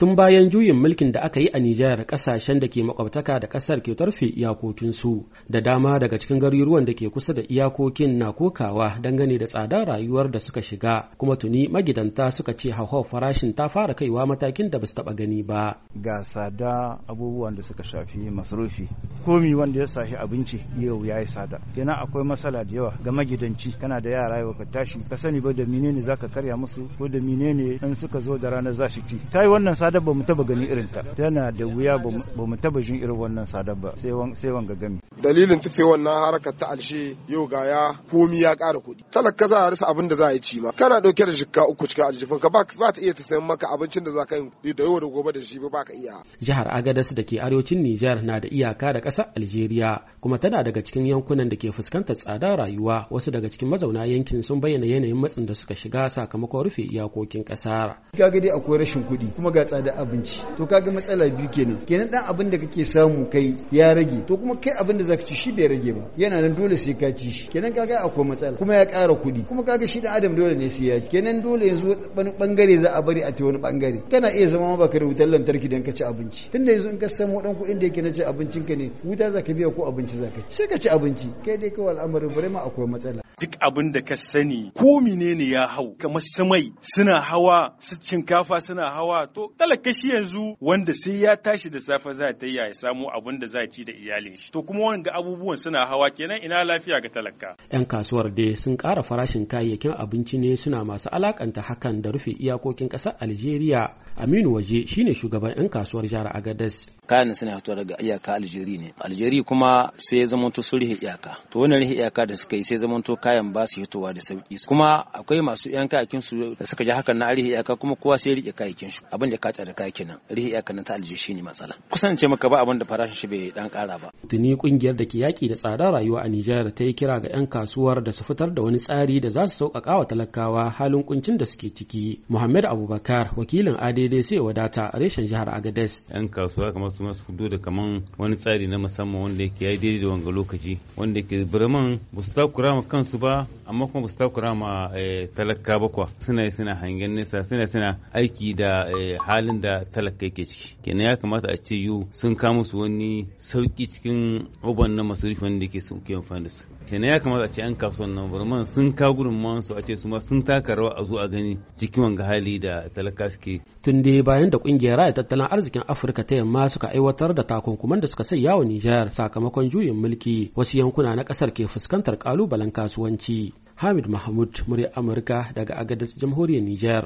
tun bayan juyin mulkin da aka yi a Nijar kasashen da ke makwabtaka da kasar ke tarfe iyakokinsu da dama daga cikin garuruwan da ke kusa da iyakokin na kokawa dangane da tsadar rayuwar da suka shiga kuma tuni magidanta suka ce hauhawar farashin ta fara kaiwa matakin da basu taba gani ba ga tsada abubuwan da suka shafi masarufi komi wanda ya sahi abinci yau ya yi sada kenan akwai matsala da yawa ga magidanci kana da yara yau ka tashi ka sani ba da menene zaka karya musu ko da menene in suka zo da ranar za shi ci kai wannan sadar ba mu taba gani irin ta tana da wuya ba mu taba jin irin wannan sadar ba sai wanga gami dalilin tufe wannan harkar ta alshe yau ga ya komi ya ƙara kuɗi talaka za a rasa abin da za a yi ci ma kana dauke da shikka uku cikin aljifin ka ba ta iya ta sayan maka abincin da za ka yi da yau da gobe da shi ba ka iya jihar agadas da ke arewacin nijar na da iyaka da ƙasar algeria kuma tana daga cikin yankunan da ke fuskantar tsada rayuwa wasu daga cikin mazauna yankin sun bayyana yanayin matsin da suka shiga sakamakon rufe iyakokin ƙasar kaga dai akwai rashin kuɗi kuma ga tsada abinci to ka ga matsala biyu kenan kenan dan abin da kake samu kai ya rage to kuma kai abin da zakci shi bai rage ba yana nan dole sai ka ci shi kenan kaga akwai matsala kuma ya kara kuɗi kuma kaga shi da adam dole ne sai ya ci kenan dole yanzu wani bangare za a bari a ta wani bangare kana iya zama ma baka da wutar lantarki dan ka ci abinci tunda yanzu in ka samu dan kuɗin da yake na ci abincin ka ne wuta zaka biya ko abinci zaka ci sai ka ci abinci kai dai kawai al'amarin bare ma akwai matsala duk abin da ka sani ko menene ya hau kamar samai suna hawa su shinkafa suna hawa to talaka yanzu wanda sai ya tashi da safe za ta ya samu abin da za ci da iyalin shi to kuma wanga abubuwan suna hawa kenan ina lafiya ga talaka yan kasuwar da sun kara farashin kayayyakin abinci ne suna masu alakanta hakan da rufe iyakokin ƙasar Algeria Aminu Waje shine shugaban yan kasuwar jihar Agadez kayan suna fitowa daga iyaka Algeria ne Algeria kuma sai ya zama to sulhi iyaka to wannan iyaka da suka yi sai zama to kayan ba su hitowa da sauki kuma akwai masu yan kayakin su da suka ji hakan na rihi iyaka kuma kowa sai rike kayakin shi abin da ka tsare kayakin nan rihi iyaka nan ta aljihu shine matsala kusance maka ba abin da farashin shi bai dan kara ba tuni kungiyar da ke yaki da tsada rayuwa a Nijar ta yi kira ga yan kasuwar da su fitar da wani tsari da za su sauƙaƙa wa talakawa halin kuncin da suke ciki Muhammad Abubakar wakilin ADD sai wadata reshen jihar Agadez yan kasuwa kamar su masu fudo da kaman wani tsari na musamman wanda yake yayi daidai da wanga lokaci wanda ke birman ba su takura ma kansu ba amma kuma su takura ma eh, talaka bakwa suna suna hangen nesa suna suna aiki da eh, halin da talaka yake ciki kenan ya kamata a ce yu sun kama su wani sauki cikin uban na masarufi wanda ke amfani da su kenan ya kamata a ce an kasuwan nan burman sun ka gudunmawan su a ce su ma sun taka rawa a zo a gani cikin wanga hali da talaka suke tun da bayan da kungiyar raya tattalin arzikin afirka ta yamma suka aiwatar da takunkuman da suka sai wa nijar sakamakon juyin mulki wasu yankuna na kasar ke fuskantar kalubalen kasuwanci hamid mahmud murya amurka daga agadas jamhuriyar nijar